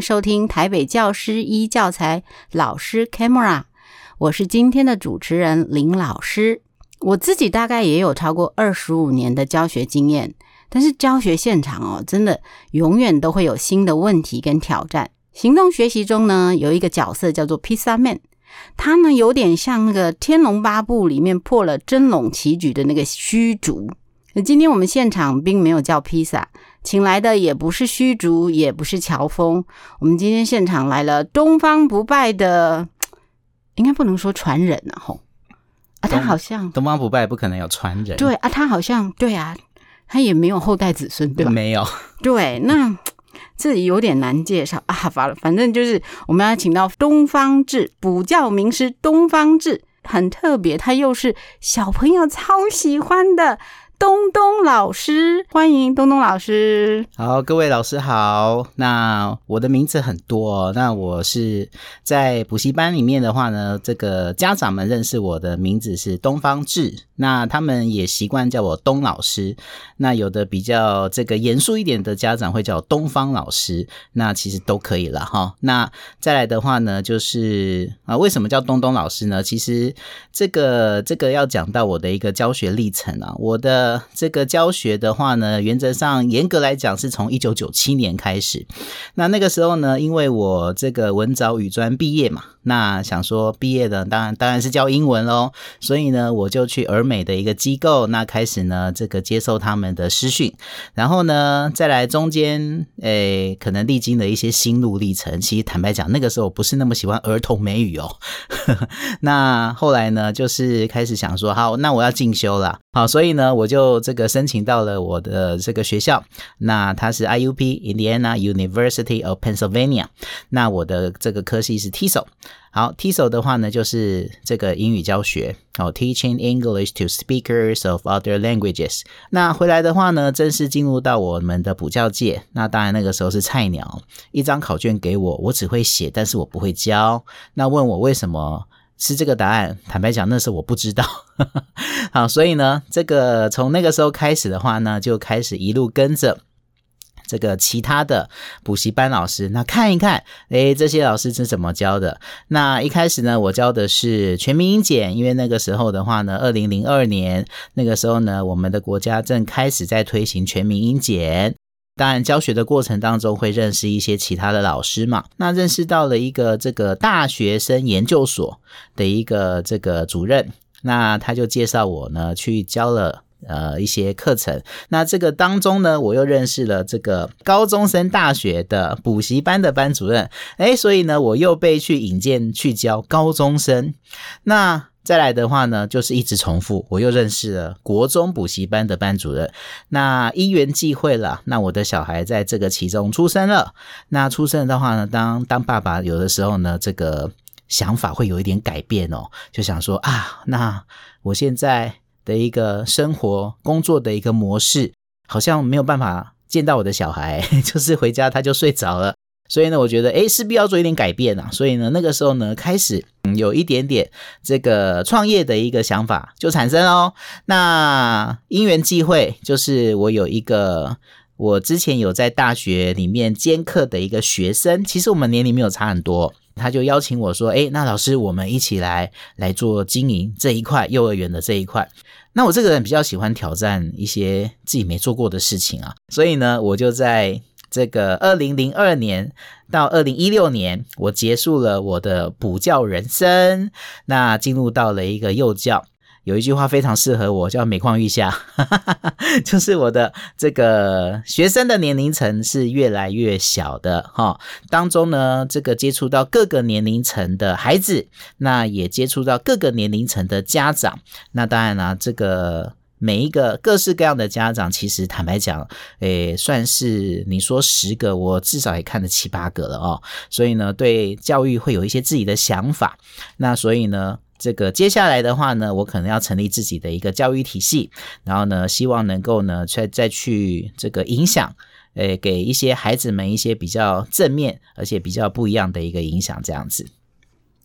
收聽台北教師一教材老師 camera，我是今天的主持人林老師。我自己大概也有超過二十五年的教學經驗，但是教學現場哦，真的永遠都會有新的問題跟挑戰。行動學習中呢，有一個角色叫做 Pizza Man，他呢有點像那個《天龍八部》裡面破了珍瓏棋局的那個虛竹。那今天我們現場並沒有叫披薩，請來的也不是虛竹，也不是喬峰。我們今天現場來了東方不敗的，應該不能說傳人啊，吼啊，他東好像東方不敗不可能有傳人。對啊，對啊，他好像對啊，他也沒有後代子孫，對吧？沒有。對，那這裡有點難介紹啊。反正就是我們要請到東方智，補教名師東方智很特別，他又是小朋友超喜歡的。東東老師，歡迎東東老師。好，各位老師好。那我的名字很多哦。那我是在補習班裡面的話呢，這個家長們認識我的名字是東方智。那他們也習慣叫我東老師。那有的比較這個嚴肅一點的家長會叫東方老師。那其實都可以了哈，哦。那再來的話呢，就是啊，為什麼叫東東老師呢？其實這個這個要講到我的一個教學歷程啊，我的。這個教學的話呢，原則上嚴格來講是從一九九七年開始。那那個時候呢，因為我這個文藻語專畢業嘛，那想說畢業的當然當然是教英文嘍，所以呢我就去兒美的一個機構，那開始呢這個接受他們的師訓，然後呢再來中間哎，可能歷經了一些心路歷程，其實坦白講那個時候我不是那麼喜歡兒童美語哦。 那後來呢就是開始想說好，那我要進修了，好，所以呢我就。就這個申請到了我的這個學校，那他是 IUP Indiana University of Pennsylvania，那我的這個科系是 TESOL。好，TESOL 的話呢，就是這個英語教學，好、oh, Teaching English to Speakers of Other Languages。那回來的話呢，正式進入到我們的補教界，那當然那個時候是菜鳥，一張考卷給我，我只會寫，但是我不會教。那問我為什麼？是這個答案。坦白講，那時候我不知道。 好，所以呢，這個從那個時候開始的話呢，就開始一路跟着這個其他的補習班老師，那看一看，哎，這些老師是怎麼教的。那一開始呢，我教的是全民英檢，因為那個時候的話呢，二零零二年那個時候呢，我們的國家正開始在推行全民英檢。當然，但教學的過程當中會認識一些其他的老師嘛。那認識到了一個這個大學生研究所的一個這個主任，那他就介紹我呢去教了呃一些課程。那這個當中呢，我又認識了這個高中升大學的補習班的班主任。誒，所以呢，我又被去引薦去教高中生。那再來的話呢，就是一直重複，我又認識了國中補習班的班主任，那因緣際會了，那我的小孩在這個其中出生了，那出生的話呢，當當爸爸有的時候呢，這個想法會有一點改變哦，就想說啊，那我現在的一個生活工作的一個模式，好像沒有辦法見到我的小孩，就是回家他就睡着了。所以呢，我覺得，哎，勢必要做一點改變啊。所以呢，那個時候呢，開始，嗯，有一點點這個創業的一個想法就產生哦。那因緣際會，就是我有一個我之前有在大學裡面兼課的一個學生，其實我們年齡沒有差很多，他就邀請我說：“哎，那老師，我們一起來來做經營這一塊，幼兒園的這一塊。”那我這個人比較喜歡挑戰一些自己沒做過的事情啊，所以呢，我就在。這個二零零二年到二零一六年，我結束了我的補教人生，那進入到了一個幼教。有一句話非常適合我，叫“每況愈下”， 就是我的這個學生的年齡層是越來越小的哈。當中呢，這個接觸到各個年齡層的孩子，那也接觸到各個年齡層的家長。那當然啦、啊，這個。每一個各式各樣的家長，其實坦白講，誒，算是你說十個，我至少也看了七八個了哦。所以呢，對教育會有一些自己的想法。那所以呢，這個接下來的話呢，我可能要成立自己的一個教育體系。然後呢，希望能夠呢，再再去這個影響，誒，給一些孩子們一些比較正面而且比較不一樣的一個影響，這樣子。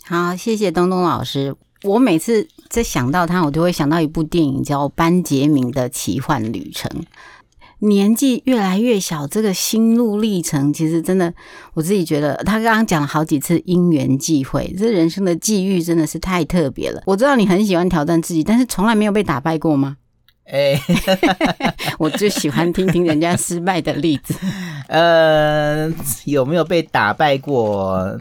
好，謝謝東東老師。我每次在想到他，我就會想到一部電影叫《班傑明的奇幻旅程》，年紀越來越小。這個心路歷程其實真的，我自己覺得他剛剛講了好幾次因緣際會，這人生的際遇真的是太特別了。我知道你很喜歡挑戰自己，但是從來沒有被打敗過嗎？哎， 我就喜歡聽聽人家失敗的例子。呃、嗯，有沒有被打敗過？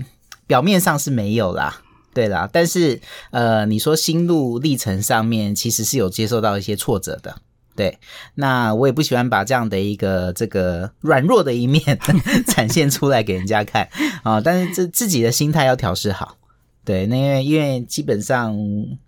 表面上是沒有啦。對啦，但是呃，你說心路歷程上面其實是有接受到一些挫折的，對。那我也不喜歡把這樣的一個這個軟弱的一面 展現出來給人家看啊、哦。但是自自己的心態要調試好，對。那因為因為基本上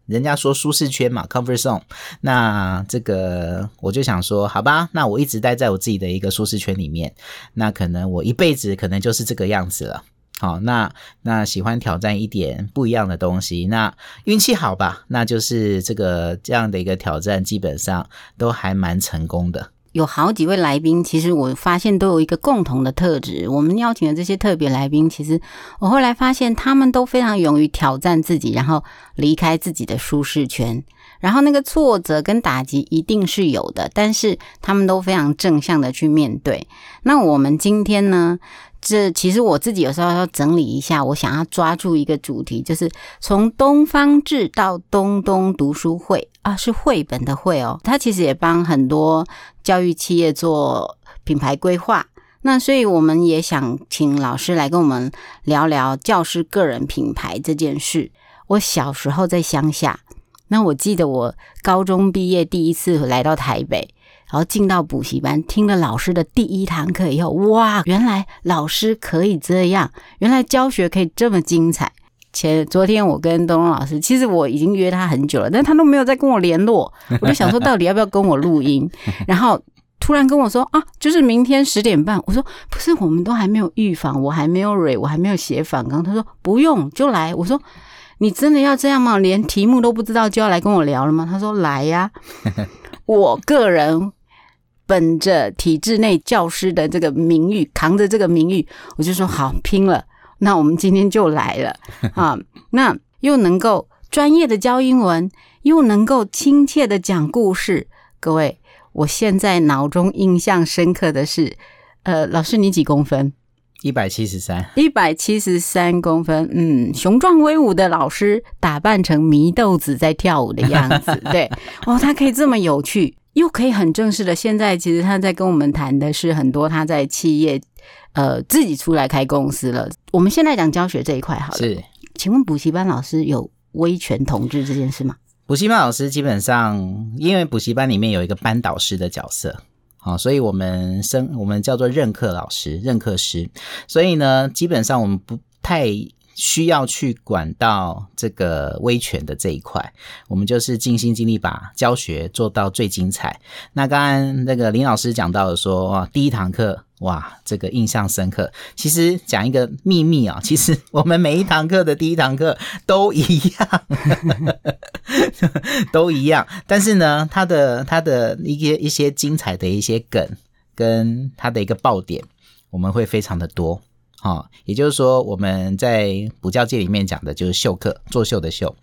人家說舒適圈嘛，comfort zone。那這個我就想說，好吧，那我一直待在我自己的一個舒適圈裡面，那可能我一輩子可能就是這個樣子了。好，那那喜歡挑戰一點不一樣的東西，那運氣好吧，那就是這個這樣的一個挑戰，基本上都還蠻成功的。有好幾位來賓，其實我發現都有一個共同的特質。我們邀請的這些特別來賓，其實我後來發現他們都非常勇於挑戰自己，然後離開自己的舒適圈。然後那個挫折跟打擊一定是有的，但是他們都非常正向的去面對。那我們今天呢？這其實我自己有時候要整理一下，我想要抓住一個主題，就是從東方智到東東讀書繪啊，是繪本的繪哦。它其實也幫很多教育企業做品牌規劃。那所以我們也想請老師來跟我們聊聊教師個人品牌這件事。我小時候在鄉下，那我記得我高中畢業第一次來到台北。然後進到補習班，聽了老師的第一堂課以後，哇！原來老師可以這樣，原來教學可以這麼精彩。前昨天我跟東東老師，其實我已經約他很久了，但他都沒有再跟我聯絡，我就想說到底要不要跟我錄音？ 然後突然跟我說啊，就是明天十點半。我說不是，我們都還沒有預防，我還沒有 read，我還沒有寫訪綱。他說不用，就來。我說你真的要這樣嗎？連題目都不知道就要來跟我聊了嗎？他說來呀。我個人。本着體制內教師的這個名譽，扛着這個名譽，我就說，好，拼了。那我們今天就來了啊！那又能夠專業的教英文，又能夠親切的講故事。各位，我現在腦中印象深刻的是，呃，老師你幾公分？一百七十三，一百七十三公分。嗯，雄壯威武的老師打扮成禰豆子在跳舞的樣子， 對，哦，他可以這麼有趣。又可以很正式的，現在其實他在跟我們談的是很多他在企業，呃，自己出來開公司了。我們現在講教學這一塊好了。是，請問補習班老師有威權統治這件事嗎？補習班老師基本上，因為補習班裡面有一個班導師的角色，好、啊，所以我們生我們叫做任課老師、任課師，所以呢，基本上我們不太。需要去管到這個威權的這一塊，我們就是盡心盡力把教學做到最精彩。那剛剛那個林老師講到的說，哇，第一堂課，哇，這個印象深刻。其實講一個秘密啊、哦，其實我們每一堂課的第一堂課都一樣， 都一樣。但是呢，他的他的一些一些精彩的一些梗，跟他的一個爆點，我們會非常的多。好，也就是說我們在補教界裡面講的，就是秀課，做秀的秀。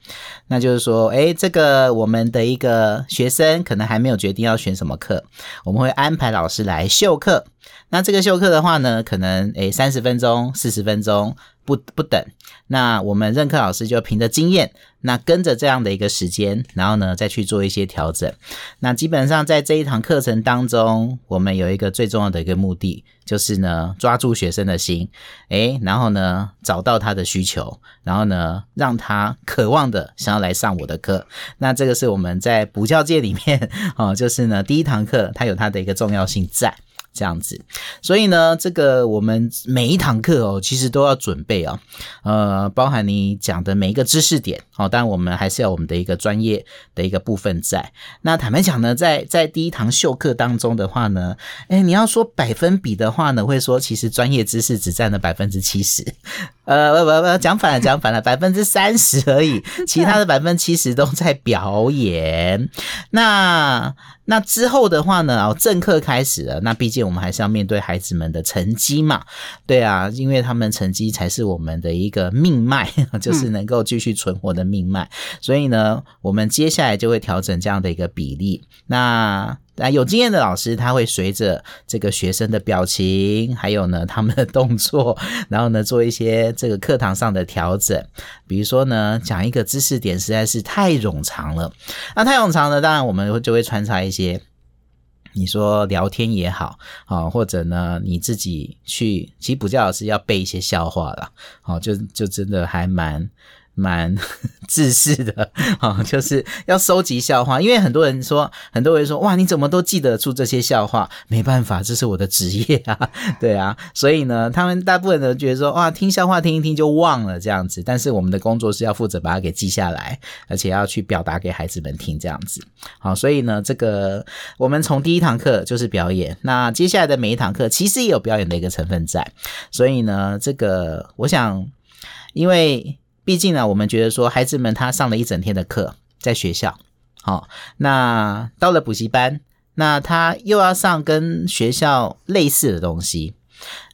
那就是說，誒、欸，這個我們的一個學生可能還沒有決定要選什麼課，我們會安排老師來秀課。那這個秀課的話呢，可能誒三十分鐘、四十分鐘。不不等，那我們任課老師就憑着經驗，那跟着這樣的一個時間，然後呢再去做一些調整。那基本上在這一堂課程當中，我們有一個最重要的一個目的，就是呢抓住學生的心，誒，然後呢找到他的需求，然後呢讓他渴望的想要來上我的課。那這個是我們在補教界裡面哦，就是呢第一堂課它有它的一個重要性在。這樣子，所以呢，這個我們每一堂課哦，其實都要準備啊、哦，呃，包含你講的每一個知識點哦。當然，我們還是要我們的一個專業的一個部分在。那坦白講呢，在在第一堂秀課當中的話呢，誒、欸、你要說百分比的話呢，會說其實專業知識只佔了百分之七十。呃，不不不，講反了，講反了，百分之三十而已，其他的百分之七十都在表演。的那那之後的話呢？哦，正課開始了。那畢竟我們還是要面對孩子們的成績嘛，對啊，因為他們成績才是我們的一個命脈，就是能夠繼續存活的命脈。嗯、所以呢，我們接下來就會調整這樣的一個比例。那。那有經驗的老師，他會隨着這個學生的表情，還有呢，他們的動作，然後呢，做一些這個課堂上的調整。比如說呢，講一個知識點實在是太冗長了，那太冗長了，當然我們就會穿插一些，你說聊天也好啊、哦，或者呢你自己去，其實補教老師要背一些笑話了，好、哦，就就真的還蠻。蠻自私的啊、哦，就是要收集笑話，因為很多人說，很多人說，哇，你怎麼都記得住這些笑話？沒辦法，這是我的職業啊，對啊，所以呢，他們大部分人都覺得說，哇，聽笑話聽一聽就忘了這樣子，但是我們的工作是要負責把它給記下來，而且要去表達給孩子們聽這樣子，好、哦，所以呢，這個我們從第一堂課就是表演，那接下來的每一堂課其實也有表演的一個成分在，所以呢，這個我想，因為。畢竟呢，我們覺得說，孩子們他上了一整天的課，在學校，好、哦，那到了補習班，那他又要上跟學校類似的東西，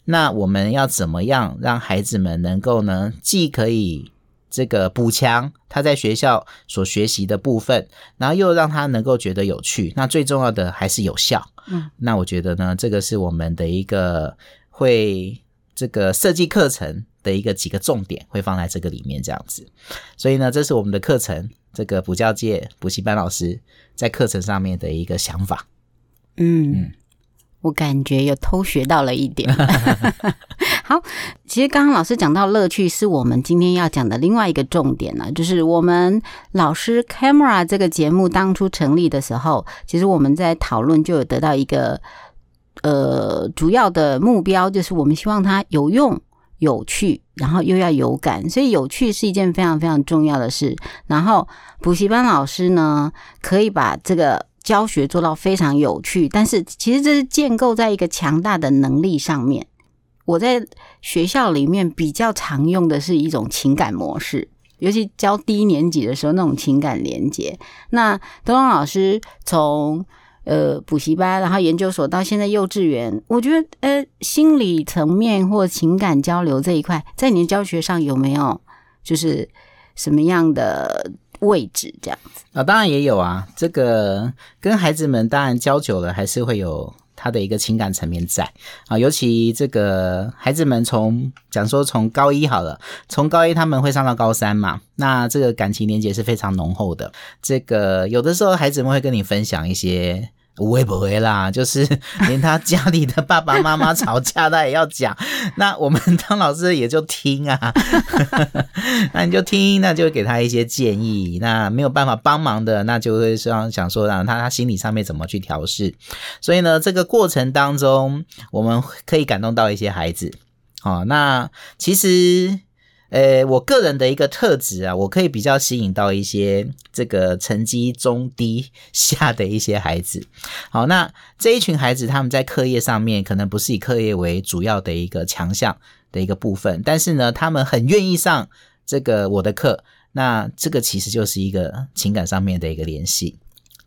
那我們要怎麼樣讓孩子們能夠呢，既可以這個補強他在學校所學習的部分，然後又讓他能夠覺得有趣，那最重要的還是有效。嗯，那我覺得呢，這個是我們的一個會這個設計課程。的一個幾個重點會放在這個裡面這樣子，所以呢，這是我們的課程，這個補教界補習班老師在課程上面的一個想法。嗯，嗯，我感覺又偷學到了一點。 好，其實剛剛老師講到樂趣是我們今天要講的另外一個重點呢，啊，就是我們老師 Camera 這個節目當初成立的時候，其實我們在討論就有得到一個呃主要的目標，就是我們希望它有用。有趣，然後又要有感，所以有趣是一件非常非常重要的事。然後補習班老師呢，可以把這個教學做到非常有趣，但是其實這是建構在一個強大的能力上面。我在學校裡面比較常用的是一種情感模式，尤其教低年級的時候那種情感連接。那東東老師從。呃，補習班，然後研究所，到現在幼稚園，我覺得，呃，心理層面或情感交流這一塊，在你的教學上有沒有，就是什麼樣的位置這樣子？啊，當然也有啊，這個跟孩子們當然教久了，還是會有他的一個情感層面在啊，尤其這個孩子們從，講說從高一好了，從高一他們會上到高三嘛，那這個感情連結是非常濃厚的，這個有的時候孩子們會跟你分享一些。不會不會啦？就是連他家裡的爸爸媽媽吵架，他也要講。 那我們當老師也就聽啊， 那你就聽，那就給他一些建議。那沒有辦法幫忙的，那就會想想說，讓他他心理上面怎麼去調適。所以呢，這個過程當中，我們可以感動到一些孩子。哦，那其實。呃，我個人的一個特質啊，我可以比較吸引到一些這個成績中低下的一些孩子。好，那這一群孩子他們在課業上面可能不是以課業為主要的一個強項的一個部分，但是呢，他們很願意上這個我的課，那這個其實就是一個情感上面的一個聯繫。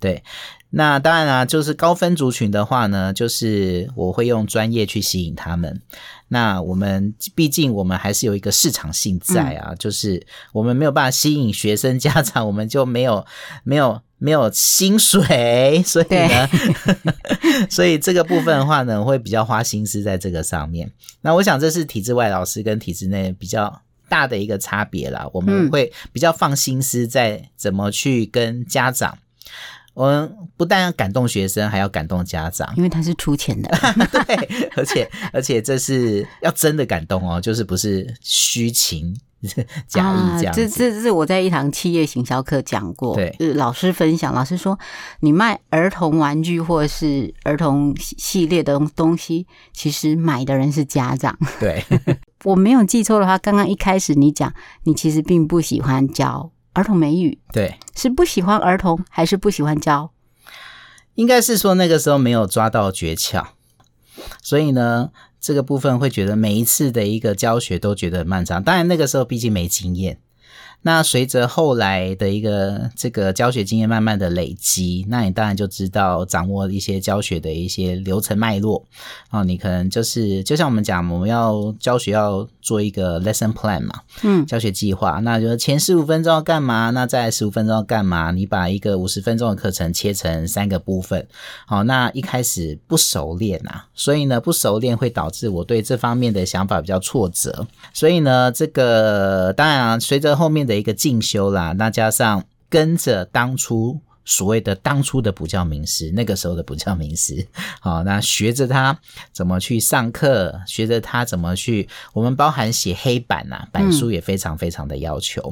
對，那當然啊，就是高分族群的話呢，就是我會用專業去吸引他們。那我們畢竟我們還是有一個市場性在啊，嗯、就是我們沒有辦法吸引學生家長，我們就沒有沒有沒有薪水，所以呢，對 所以這個部分的話呢，我會比較花心思在這個上面。那我想這是體制外老師跟體制內比較大的一個差別啦，我們會比較放心思在怎麼去跟家長。嗯我們不但要感動學生，還要感動家長，因為他是出錢的。 對，而且而且這是要真的感動哦，就是不是虛情是假意這樣。這、啊、這是我在一堂企業行銷課講過，對、嗯，老師分享，老師說你賣兒童玩具或者是兒童系列的東西，其實買的人是家長。對， 我沒有記錯的話，剛剛一開始你講，你其實並不喜歡教。兒童美語。對，是不喜歡兒童還是不喜歡教？應該是說那個時候沒有抓到訣竅，所以呢，這個部分會覺得每一次的一個教學都覺得很漫長。當然那個時候畢竟沒經驗。那隨着後來的一個這個教學經驗慢慢的累積，那你當然就知道掌握一些教學的一些流程脈絡啊、哦。你可能就是就像我們講，我們要教學要做一個 lesson plan 嘛，嗯，教學計劃。那就是前十五分鐘要幹嘛？那在十五分鐘要幹嘛？你把一個五十分鐘的課程切成三個部分。好、哦，那一開始不熟練吶、啊，所以呢，不熟練會導致我對這方面的想法比較挫折。所以呢，這個當然啊，隨著後面的。的一個進修啦，那加上跟着當初所謂的當初的補教名師，那個時候的補教名師，好、哦，那學着他怎麼去上課，學着他怎麼去，我們包含寫黑板吶、啊，板書也非常非常的要求。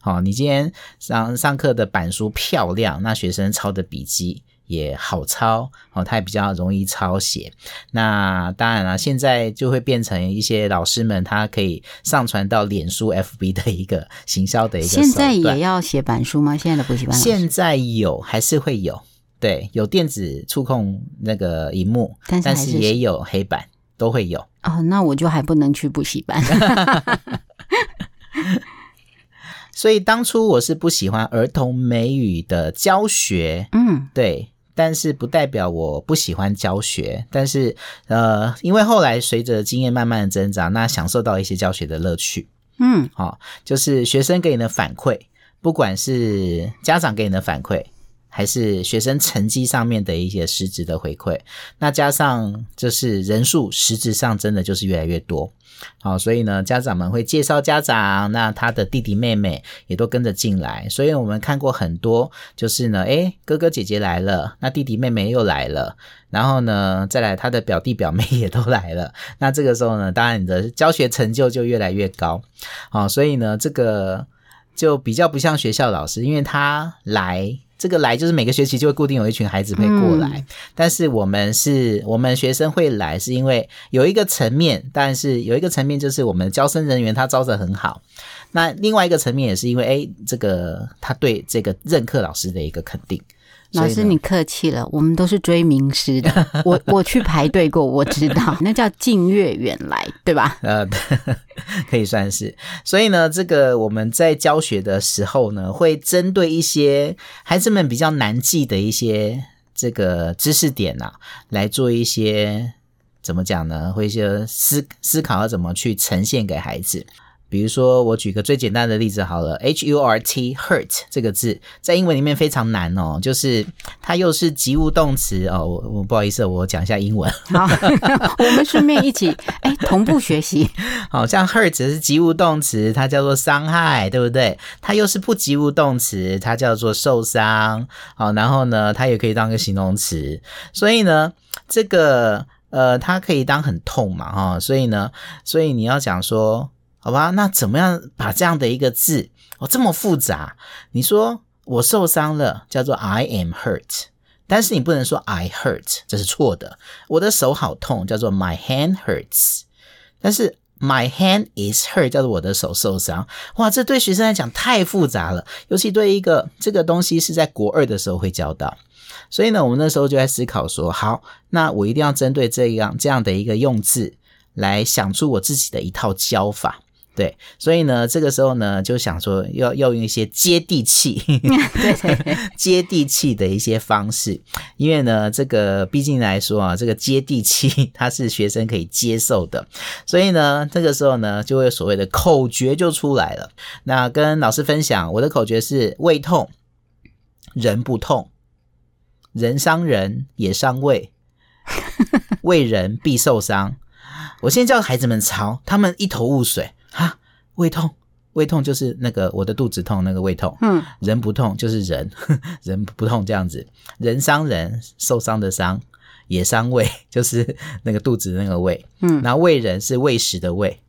好、嗯哦，你今天上上課的板書漂亮，那學生抄的筆記，也好抄，哦，它也比較容易抄寫。那當然了，現在就會變成一些老師們，他可以上傳到臉書 （FB） 的一個行銷的一個。現在也要寫板書嗎？現在的補習班。現在有，還是會有，對，有電子觸控那個熒幕，但是還是，但是也有黑板，都會有。哦，那我就還不能去補習班。 所以當初我是不喜歡兒童美語的教學。嗯，對。但是不代表我不喜歡教學，但是呃，因為後來隨着經驗慢慢的增長，那享受到一些教學的樂趣，嗯，好、哦，就是學生給你的反饋，不管是家長給你的反饋，還是學生成績上面的一些實質的回饋，那加上就是人數實質上真的就是越來越多。好、哦，所以呢，家長們會介紹家長，那他的弟弟妹妹也都跟着進來，所以我們看過很多，就是呢，誒，哥哥姐姐來了，那弟弟妹妹又來了，然後呢，再來他的表弟表妹也都來了，那這個時候呢，當然你的教學成就就越來越高。好、哦，所以呢，這個就比較不像學校老師，因為他來。這個來就是每個學期就會固定有一群孩子會過來，嗯、但是我們是，我們學生會來是因為有一個層面，但是有一個層面就是我們的招生人員他招的很好，那另外一個層面也是因為，誒，這個他對這個任課老師的一個肯定。老師，你客氣了，我們都是追名師的。我我去排隊過，我知道， 那叫近悅遠來，對吧？呃，可以算是。所以呢，這個我們在教學的時候呢，會針對一些孩子們比較難記的一些這個知識點呢、啊，來做一些怎麼講呢？會一些思思考要怎麼去呈現給孩子。比如說，我舉個最簡單的例子好了，h u r t hurt 這個字在英文裡面非常難哦，就是它又是及物動詞哦。我我不好意思，我講一下英文。好， 我們順便一起誒同步學習。好，像 hurt 是及物動詞，它叫做傷害，對不對？它又是不及物動詞，它叫做受傷。好，然後呢，它也可以當個形容詞。所以呢，這個呃，它可以當很痛嘛，哈、哦。所以呢，所以你要講說。好吧，那怎麼樣把這樣的一個字哦，這麼複雜？你說我受傷了，叫做 I am hurt，但是你不能說 I hurt，這是錯的。我的手好痛，叫做 my hand hurts，但是 my hand is hurt，叫做我的手受傷。哇，這對學生來講太複雜了，尤其對一個這個東西是在國二的時候會教到。所以呢，我們那時候就在思考說，好，那我一定要針對這樣這樣的一個用字來想出我自己的一套教法。對，所以呢，這個時候呢，就想說要要用一些接地氣、 接地氣的一些方式，因為呢，這個畢竟來說啊，這個接地氣它是學生可以接受的，所以呢，這個時候呢，就會有所謂的口訣就出來了。那跟老師分享，我的口訣是：胃痛人不痛，人傷人也傷胃，胃人必受傷。 我現在叫孩子們抄，他們一頭霧水。啊，胃痛，胃痛就是那個我的肚子痛，那個胃痛。嗯，人不痛就是人，呵呵，人不痛這樣子，人傷人，受傷的傷也傷胃，就是那個肚子那個胃。嗯，然後胃人是餵食的胃，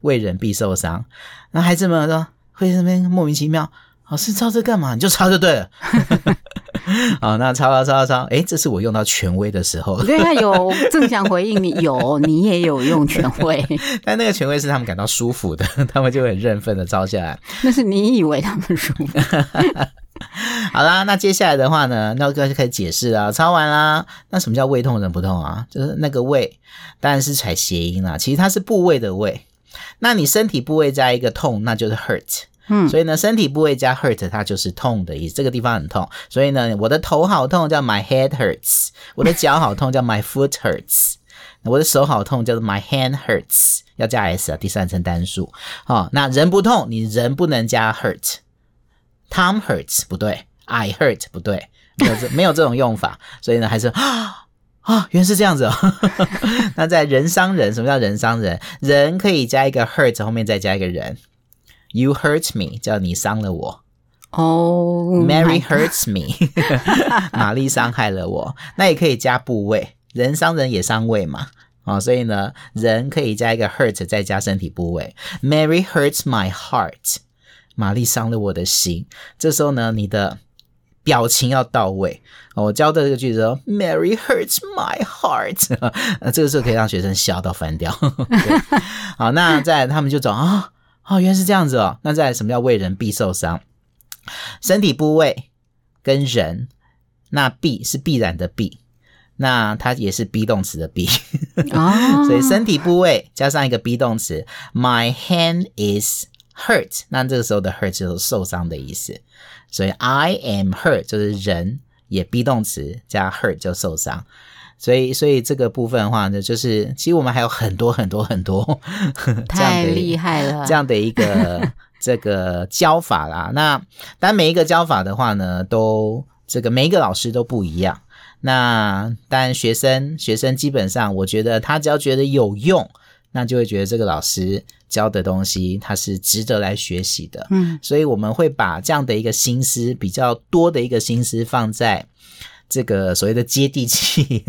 胃人必受傷。那孩子們說，會在那邊莫名其妙，老師抄這幹嘛？你就抄就對了。 好、哦，那抄抄抄抄抄，哎、欸，這是我用到權威的時候。對，有正向回應你，你 有，你也有用權威，但那個權威是他們感到舒服的，他們就很認分的抄下來。那是你以為他們舒服的。 好啦，那接下來的話呢，那哥就開始解釋啦，抄完啦。那什麼叫胃痛人不痛啊？就是那個胃，當然是採諧音啦、啊。其實它是部位的胃，那你身體部位加一個痛，那就是 hurt。嗯，所以呢，身體部位加 hurt，它就是痛的意思。這個地方很痛，所以呢，我的頭好痛，叫 my head hurts。我的腳好痛，叫 my foot hurts。我的手好痛，叫做 my hand hurts。要加 s 啊，第三人稱單數。哦，那人不痛，你人不能加 hurt。Tom hurts 不對，I hurt 不對，就是、沒有這種用法。 所以呢，還是啊啊，原來是這樣子哦。 那在人傷人，什麼叫人傷人？人可以加一個 hurt，後面再加一個人。You hurt me，叫你傷了我。哦、oh、my God，Mary hurts me，瑪麗傷害了我。那也可以加部位，人傷人也傷胃嘛。啊、哦，所以呢，人可以加一個 hurt，再加身體部位。Mary hurts my heart，瑪麗傷了我的心。這時候呢，你的表情要到位。哦、我教的這個句子說 ，Mary hurts my heart，呃、 啊，這個時候可以讓學生笑到翻掉。 對 好，那再來他們就走啊。哦哦，原來是這樣子哦。那再來，什麼叫為人必受傷？身體部位跟人，那必是必然的必，那它也是 be 動詞的 be。 所以身體部位加上一個 be 動詞、oh.，my hand is hurt。那這個時候的 hurt 就是受傷的意思，所以 I am hurt 就是人也 be 動詞加 hurt 就受傷。所以，所以這個部分的話呢，就是其實我們還有很多很多很多呵呵太這樣的厲害了這樣的一個這個教法啦。那當然每一個教法的話呢，都這個每一個老師都不一樣。那當然，學生學生基本上，我覺得他只要覺得有用，那就會覺得這個老師教的東西他是值得來學習的。嗯，所以我們會把這樣的一個心思比較多的一個心思放在。這個所謂的接地氣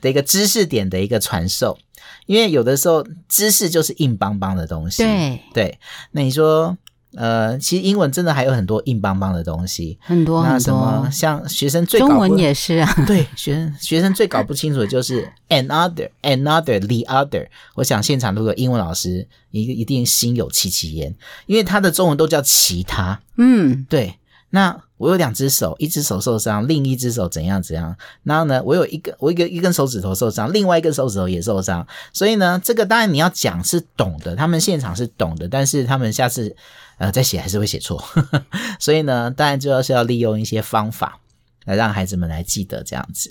的一個知識點的一個傳授，因為有的時候知識就是硬邦邦的東西。對對，那你說，呃，其實英文真的還有很多硬邦邦的東西，很多很多，像學生最搞不中文也是啊。 對，學生學生最搞不清楚的就是 another another the other。我想現場如果英文老師，一個一定心有戚戚焉，因為他的中文都叫其他。嗯，對。那我有兩只手，一只手受傷，另一只手怎樣怎樣？然後呢，我有一個我一個一根手指頭受傷，另外一根手指頭也受傷。所以呢，這個當然你要講是懂的，他們現場是懂的，但是他們下次呃再寫還是會寫錯。呵呵，所以呢，當然就要是要利用一些方法來讓孩子們來記得這樣子。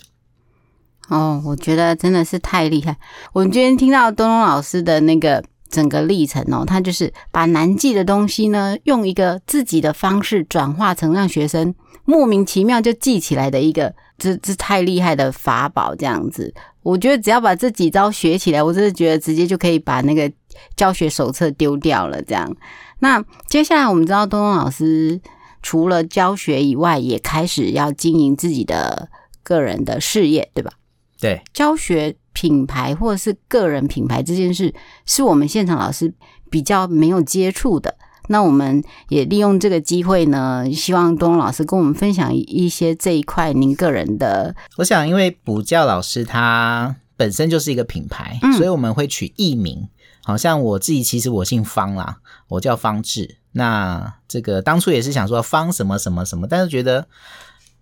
哦，我覺得真的是太厲害！我們今天聽到東東老師的那個，整個歷程哦，他就是把難記的東西呢，用一個自己的方式轉化成讓學生莫名其妙就記起來的一個，這這太厲害的法寶，這樣子。我覺得只要把這幾招學起來，我真的覺得直接就可以把那個教學手冊丟掉了。這樣，那接下來我們知道東東老師除了教學以外，也開始要經營自己的個人的事業，對吧？對教學品牌或者是個人品牌這件事，是我們現場老師比較沒有接觸的。那我們也利用這個機會呢，希望東東老師跟我們分享一些這一塊您個人的。我想，因為補教老師他本身就是一個品牌，所以我們會取藝名。嗯、好像我自己其實我姓方啦，我叫方智。那這個當初也是想說方什麼什麼什麼，但是覺得。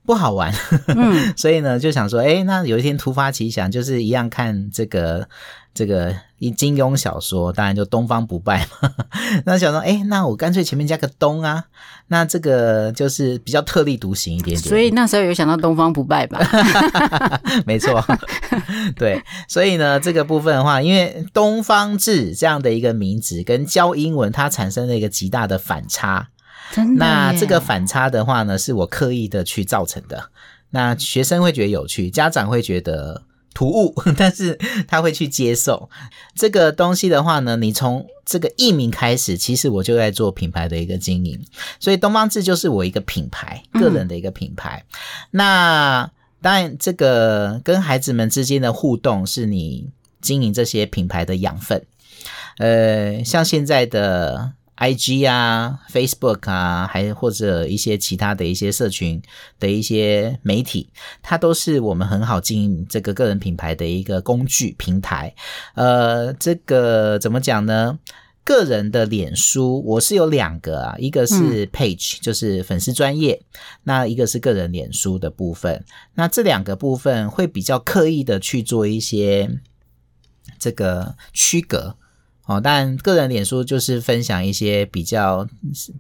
不好玩， 所以呢就想說，哎、欸，那有一天突發奇想，就是一樣看這個這個一金庸小說，當然就東方不敗嘛。 那想說，哎、欸，那我乾脆前面加個東啊，那這個就是比較特立獨行一點點。所以那時候有想到東方不敗吧？ 沒錯， 對，所以呢這個部分的話，因為東方智這樣的一個名字跟教英文，它產生了一個極大的反差。真的。那這個反差的話呢，是我刻意的去造成的。那學生會覺得有趣，家長會覺得突兀，但是他會去接受這個東西的話呢，你從這個藝名開始，其實我就在做品牌的一個經營，所以東方智就是我一個品牌，個人的一個品牌。嗯、那當然，這個跟孩子們之間的互動是你經營這些品牌的養分。呃，像現在的。IG 啊，Facebook 啊，還或者一些其他的一些社群的一些媒體，它都是我們很好經營這個個人品牌的一個工具平台。呃，這個怎麼講呢？個人的臉書我是有兩個啊，一個是 Page，就是粉絲專頁，嗯、那一個是個人臉書的部分。那這兩個部分會比較刻意的去做一些這個區隔。哦，但個人臉書就是分享一些比較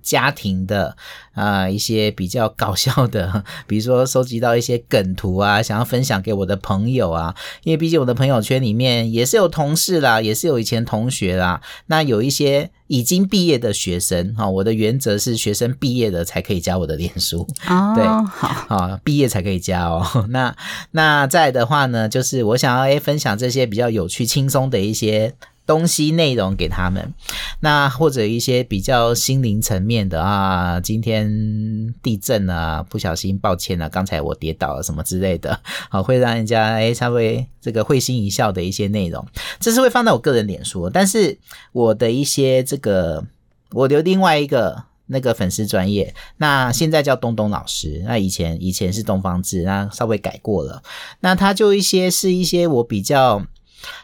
家庭的啊、呃，一些比較搞笑的，比如說收集到一些梗圖啊，想要分享給我的朋友啊，因為畢竟我的朋友圈裡面也是有同事啦，也是有以前同學啦。那有一些已經畢業的學生，哈、哦，我的原則是學生畢業的才可以加我的臉書。Oh, 對，好，畢業才可以加哦。那那再來的話呢，就是我想要哎分享這些比較有趣、輕鬆的一些。東西內容給他們，那或者一些比較心靈層面的啊，今天地震啊，不小心抱歉了，剛才我跌倒了什麼之類的，好會讓人家誒稍微這個會心一笑的一些內容，這是會放到我個人臉書。但是我的一些這個，我留另外一個那個粉絲專業，那現在叫東東老師，那以前以前是東方智，那稍微改過了，那他就一些是一些我比較。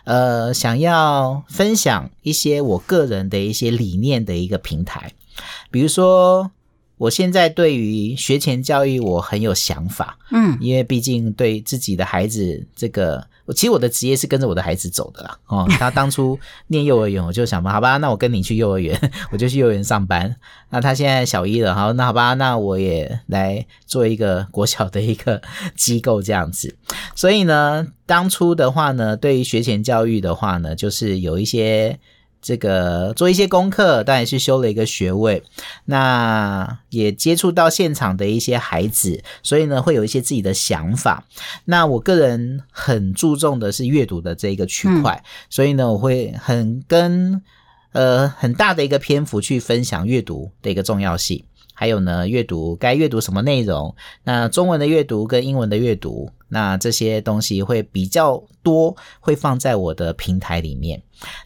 呃，想要分享一些我個人的一些理念的一個平台，比如說，我現在對於學前教育我很有想法，嗯，因為畢竟對自己的孩子這個。其實我的職業是跟着我的孩子走的啦，哦，他當初念幼兒園，我就想吧，好吧，那我跟你去幼兒園，我就去幼兒園上班。那他現在小一了，好，那好吧，那我也來做一個國小的一個機構這樣子。所以呢，當初的話呢，對於學前教育的話呢，就是有一些。這個做一些功課，當然也是修了一個學位，那也接觸到現場的一些孩子，所以呢，會有一些自己的想法。那我個人很注重的是閱讀的這一個區塊，嗯、所以呢我會很跟呃很大的一個篇幅去分享閱讀的一個重要性。還有呢，閱讀該閱讀什麼內容？那中文的閱讀跟英文的閱讀，那這些東西會比較多，會放在我的平台裡面。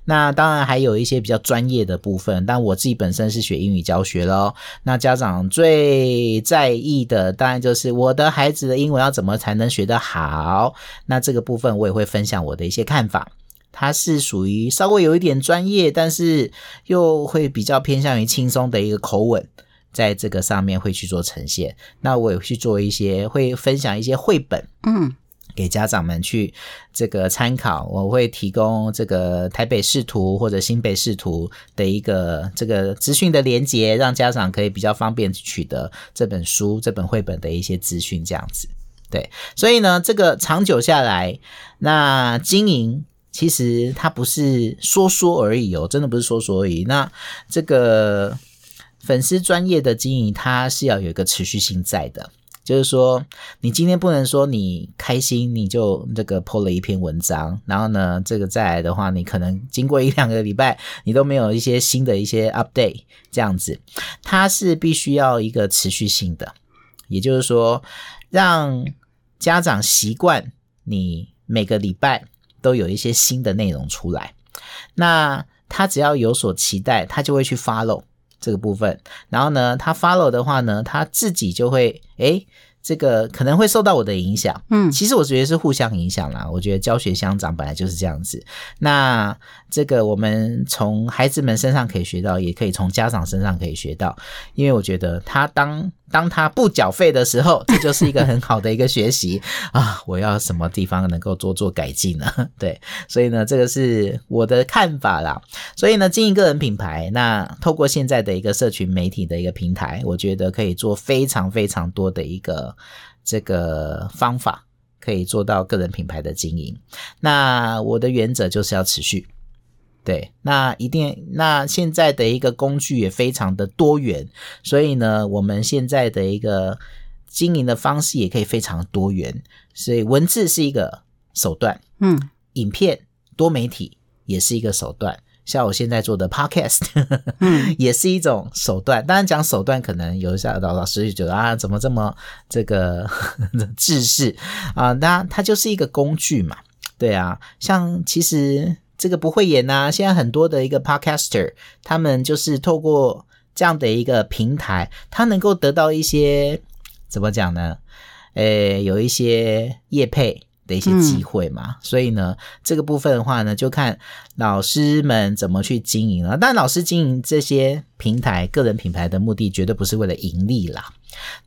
那當然還有一些比較專業的部分，但我自己本身是學英語教學咯。那家長最在意的，當然就是我的孩子的英文要怎麼才能學得好？那這個部分我也會分享我的一些看法。它是屬於稍微有一點專業，但是又會比較偏向於輕鬆的一個口吻。在這個上面會去做呈現，那我也去做一些，會分享一些繪本，嗯，給家長們去這個參考。我會提供這個台北市圖或者新北市圖的一個這個資訊的連接，讓家長可以比較方便取得這本書、這本繪本的一些資訊，這樣子。對，所以呢，這個長久下來，那經營其實它不是說說而已哦，真的不是說說而已。那這個。粉絲專業的經營，它是要有一個持續性在的，就是說，你今天不能說你開心你就這個 po 了一篇文章，然後呢，這個再來的話，你可能經過一兩個禮拜，你都沒有一些新的一些 update 這樣子，它是必須要一個持續性的，也就是說，讓家長習慣你每個禮拜都有一些新的內容出來，那他只要有所期待，他就會去 follow。這個部分，然後呢，他 follow 的話呢，他自己就會，誒，這個可能會受到我的影響，嗯，其實我覺得是互相影響啦。我覺得教學相長本來就是這樣子。那。這個我們從孩子們身上可以學到，也可以從家長身上可以學到，因為我覺得他當，當他不繳費的時候，這就是一個很好的一個學習 啊！我要什麼地方能夠做做改進呢？對，所以呢，這個是我的看法啦。所以呢，經營個人品牌，那透過現在的一個社群媒體的一個平台，我覺得可以做非常非常多的一個這個方法，可以做到個人品牌的經營。那我的原則就是要持續。對，那一定。那現在的一個工具也非常的多元，所以呢，我們現在的一個經營的方式也可以非常多元。所以文字是一個手段，嗯，影片、多媒體也是一個手段，像我現在做的 podcast，嗯，也是一種手段。當然講手段，可能有些老老師就覺得啊，怎麼這麼這個知識啊？那，呃，它就是一個工具嘛，對啊，像其實。這個不會演吶、啊，現在很多的一個 podcaster，他們就是透過這樣的一個平台，他能夠得到一些，怎麼講呢？呃，有一些業配。的一些機會嘛，嗯、所以呢，這個部分的話呢，就看老師們怎麼去經營了、啊。但老師經營這些平台、個人品牌的目的，絕對不是為了盈利啦，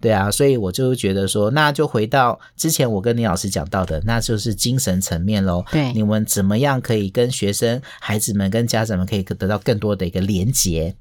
對啊。所以我就覺得說，那就回到之前我跟李老師講到的，那就是精神層面嘍。對，你們怎麼樣可以跟學生、孩子們、跟家長們可以得到更多的一個連接？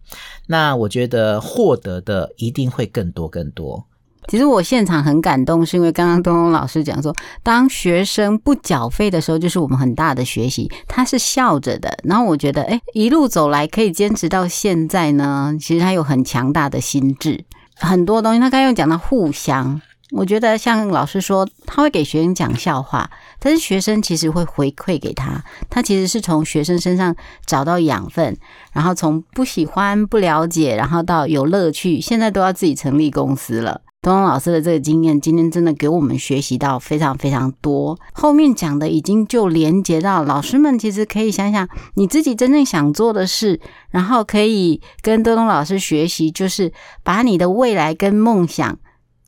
那我覺得獲得的一定會更多更多。其實我現場很感動，是因為剛剛東東老師講說，當學生不繳費的時候，就是我們很大的學習。他是笑着的，然後我覺得，哎，一路走來可以堅持到現在呢，其實他有很強大的心智。很多東西，他剛剛有講到互相。我覺得像老師說，他會給學生講笑話，但是學生其實會回饋給他，他其實是從學生身上找到養分，然後從不喜歡、不了解，然後到有樂趣，現在都要自己成立公司了。東東老師的這個經驗，今天真的給我們學習到非常非常多。後面講的已經就連接到老師們，其實可以想想你自己真正想做的事，然後可以跟東東老師學習，就是把你的未來跟夢想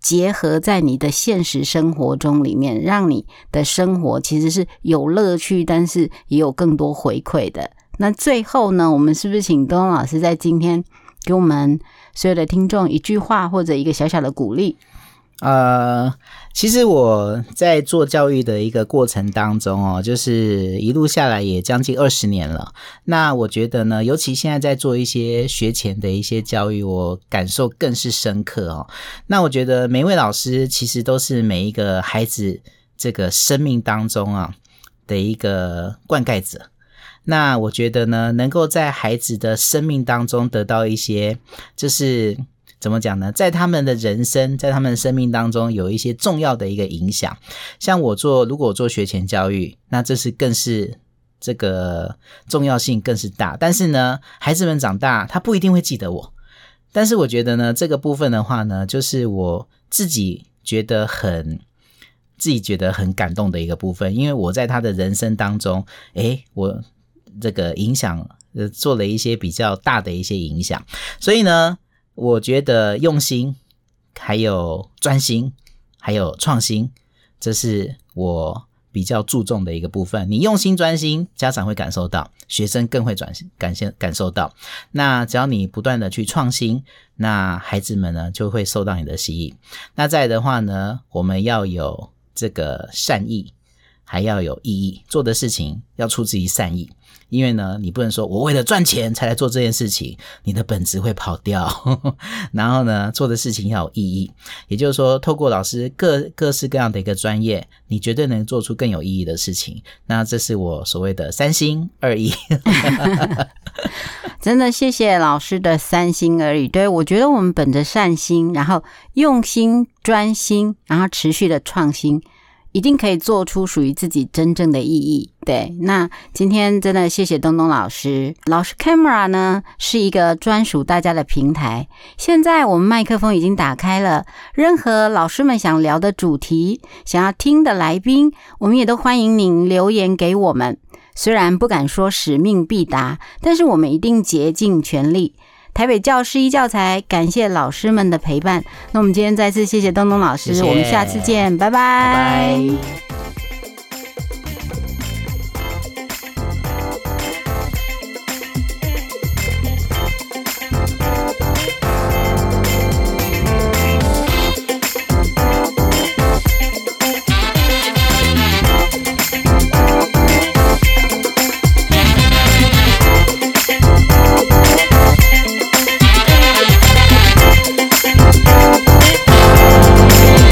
結合在你的現實生活中裡面，讓你的生活其實是有樂趣，但是也有更多回饋的。那最後呢，我們是不是請東東老師在今天給我們所有的聽眾一句話或者一個小小的鼓勵。呃，其實我在做教育的一個過程當中哦，就是一路下來也將近二十年了。那我覺得呢，尤其現在在做一些學前的一些教育，我感受更是深刻哦。那我覺得每一位老師其實都是每一個孩子這個生命當中啊的一個灌溉者。那我覺得呢，能夠在孩子的生命當中得到一些，就是怎麼講呢？在他們的人生，在他們生命當中有一些重要的一個影響。像我做，如果我做學前教育，那這是更是這個重要性更是大。但是呢，孩子們長大，他不一定會記得我。但是我覺得呢，這個部分的話呢，就是我自己覺得很，自己覺得很感動的一個部分，因為我在他的人生當中，誒，我。這個影響，呃，做了一些比較大的一些影響，所以呢，我覺得用心，還有專心，還有創新，這是我比較注重的一個部分。你用心、專心，家長會感受到，學生更會轉、感、現、感受到。那只要你不斷的去創新，那孩子們呢就會受到你的吸引。那再的話呢，我們要有這個善意，還要有意義，做的事情要出自於善意。因為呢，你不能說我為了賺錢才來做這件事情，你的本職會跑掉。 然後呢，做的事情要有意義，也就是說，透過老師各各式各樣的一個專業，你絕對能做出更有意義的事情。那這是我所謂的三心二意， 真的謝謝老師的三心二意。對，我覺得我們本着善心，然後用心、專心，然後持續的創新。一定可以做出屬於自己真正的意義。對，那今天真的謝謝東東老師。老師，Camera 呢是一個專屬大家的平台。現在我們麥克風已經打開了，任何老師們想聊的主題，想要聽的來賓，我們也都歡迎您留言給我們。雖然不敢說使命必達，但是我們一定竭盡全力。台北教師一教材，感謝老師們的陪伴。那我們今天再次謝謝東東老師，謝謝，我們下次見，拜拜。拜拜。